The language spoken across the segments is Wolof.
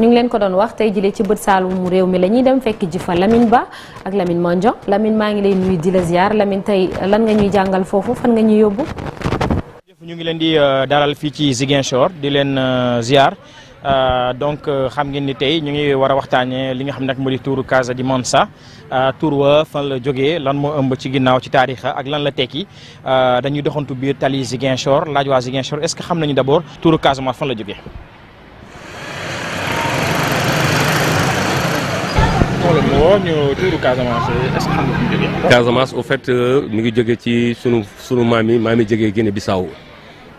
ñu ngi leen ko doon wax tey jile ci bët saalumu réew mi la ñuy dem fekk ji fa Lamine Ba ak Lamine Mandion Lamine maa ngi lay nuyu di la ziar Lamine tey lan nga ñuy jàngal foofu fan nga ñuy yóbbu. ñu ngi leen di euh, daral fii ci Ziguinchor di leen euh, ziar. Euh, donc xam ngeen ni tey ñu ngi war a waxtaanee li nga xam ne nag moo di tuuru Casa di Mansa tuur wa fan la jógee lan moo ëmb ci ginnaaw ci taarixa ak lan la tekki dañuy doxantu biir tali Ziguinchor laaj waa Ziguinchor est-ce que xam nañu d'abord tuuru Casamance fan la jógee. woo ñu tuuru mu au fait euh, mi ngi jóge ci sunu sunu maam yi maam yi jógee Guinée Bissau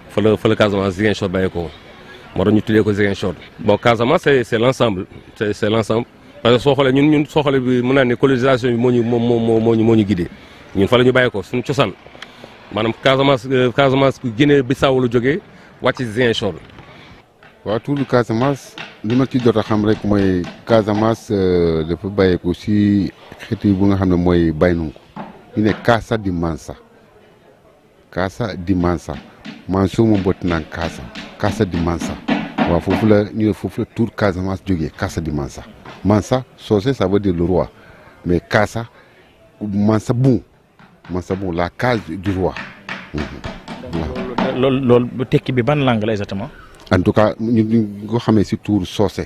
fa la fa la Casamance Ziguinchor bàyyi ko moo tax ñu tuddee ko Ziguinchor. bon Casamance c'est c'est l'ensemble c'est c'est l'ensemble parce que soo xoolee ñun ñun soo xoolee bi mën naa ne colonisation bi moo ñu moo moo moo ñu moo ñu ñun fa la ñu bàyyi ko suñu cosaan maanaam Casamance euh, Casamance Guinée Bissau la jógee wàcc Ziguinchor. waaw tuuru Casamance. li ma ci jot a xam rek mooy Casamance euh, dafa bàyyeeku si xeetu bu nga xam ne mooy ko ñu ne Kasa di Mansa Kasa di Mansa Manso moom booti naan Kasa Kasa di Mansa waaw foofu la ñu ne foofu la tour Casamance jógee casa di Mansa Mansa soose ça veut dire le roi mais Kasa Mansa bu Mansa bu la case du roi. waaw mhm. loolu loolu tekki bi ban langue la exactement. en tout cas ñu ngi ko xamee si tuur soose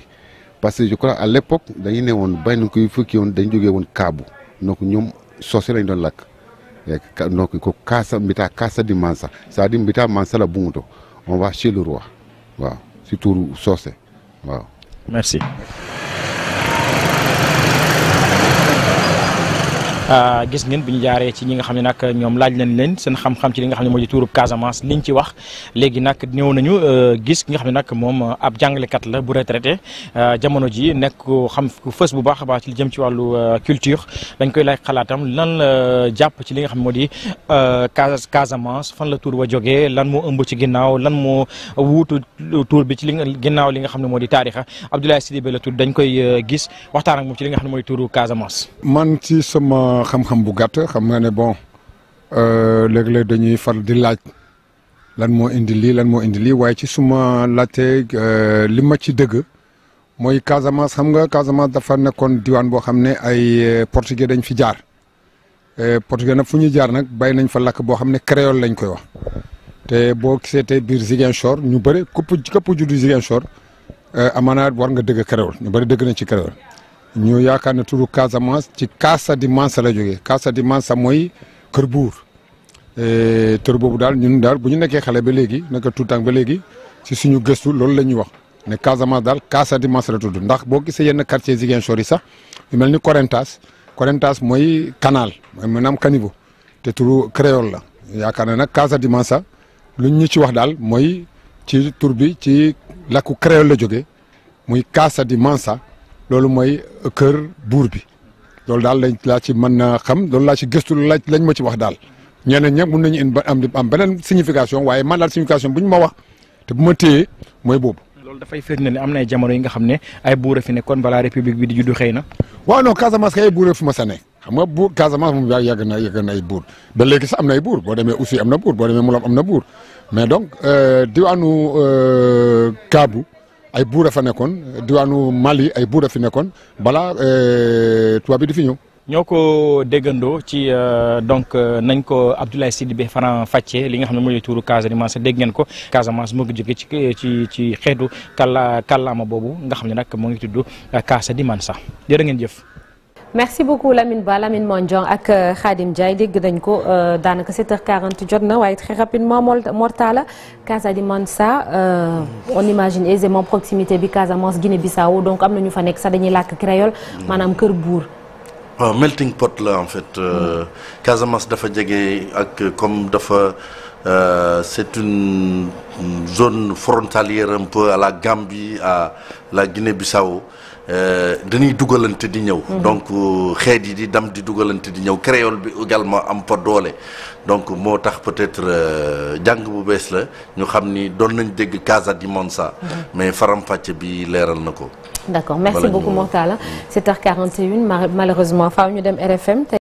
parce que je crois à l'époque dañu ne woon bay nañ koy fukki woon dañ jógee woon kaabu donc ñoom soose lañ doon lakk donc ko kaasa mbitaa kaasa di mansa c'est-à-dire mbitaa mansa la bunguto on va chez le roi waaw si tuur soose waaw merci Euh, gis ngeen bi ñu jaaree ci ñi nga xam ne nag ñoom laaj nañ leen seen xam-xam ci li nga xam ne moo di wax léegi nag ñëw nañu euh, gis nga xam ne nag moom euh, ab jàngalekat la bu retraité jamono ji nekk xam ku fës bu baax a baax ci li jëm ci wàllu culture dañ koy laaj xalaatam lan la jàpp ci li nga xam ne moo di Casamance fan la tuur wa jógee lan moo ëmb ci ginnaaw lan moo wuutu tuur bi ci li ginnaaw li nga xam ne moo di taarixa Abdoulaye Sidibé la tudd dañ koy gis waxtaan ak moom ci li nga xam ne mooy tuuru Casamance man sama xam-xam bu gàtt xam nga ne bon euh, léeg-léeg dañuy far di laaj lan moo indi lii lan moo indi lii waaye ci suma laajte euh, li ma ci dëgg mooy Casamance xam nga Casamance dafa nekkoon diwaan boo xam ne ay euh, portugais dañ fi jaar portugais nag fu ñuy jaar nag bay nañ fa lakk boo xam ne créole lañ koy wax te boo gisee tey biir Ziguinchor ñu bëri këpp këpp juddu Ziguinchor amaana war nga dëgg créole ñu bëri dëgg nañ ci créole ñu yaakaar ne turu Casamance ci Casa di Mansa la jógee Casa di Mansa mooy kër buur e, tër boobu daal ñun daal bu ñu nekkee xale ba léegi nekk tuutànk ba léegi ci suñu gëstu loolu la ñuy wax ne Casamance daal Casa di Mansa la tudd ndax boo gisee yenn quartier Ziguinchor yi sax yu mel ni Corentas Corentas mooy canal mooy maanaam caniveau te turu créole la yaakaar na nag Casa di Mansa luñ ñu ci wax daal mooy ci tur bi ci lakku créole la joge muy Casa di Mansa loolu mooy kër buur bi loolu daal lañ laa ci mën na xam loolu laa ci gëstu laaj lañ ma ci wax daal ñeneen ñëpp mun nañu in am am beneen signification waaye man daal signification bu ñu ma wax te bu ma téyee mooy boobu. loolu dafay firnde ne am na ay jamono yi nga xam ne ay buur fi nekkoon balaa république bi di juddu xëy na. waaw non Casamance kay ay buur fi ma sa ne xam nga bu Casamance moom yàgg na yàgg na ay buur ba léegi sax am na ay boo demee aussi am na buur boo demee Moulam am na buur mais donc euh, diwaanu euh, Kaabu. ay buur a fa nekkoon diwaanu Mali ay buur a fi nekkoon balaa euh, tubaab bi di fi ñëw. ñoo ko déggandoo ci euh, donc euh, nañ ko Abdoulaye Sidibé Faran Facce li nga xam ne mooy tuuru Casamance dégg ngeen ko Casamance moo ngi jóge ci ci ci xeetu kàlla kàllaama boobu nga xam ne nag moo ngi di Casamance jërë ngeen jëf. merci beaucoup Lamine Ba Lamine Mondiang et euh, Khadim Djaïdi. ko 7h40 euh, jot très rapidement Mortala Casa Mansa euh, on imagine aisément proximité bi mans Guinée-Bissau donc comme nous ñu fa nekk sax dañuy lac créole maanaam melting pot là en fait Casamas dafa c'est une zone frontalière un peu à la Gambie, à la Guinée-Bissau. Euh, dañuy dugalante di ñëw. Mhm. donc euh, xeet yi di dam di dugalante di ñëw créole bi également am fa doole. donc moo tax peut-être euh, jàng bu bees la ñu xam ni doon nañ dégg Casa di monsa mhm. mais faram-fàcce bi leeral na ko. d'accord merci beaucoup Mortala 7h41 malheureusement faaw ñu dem RFM.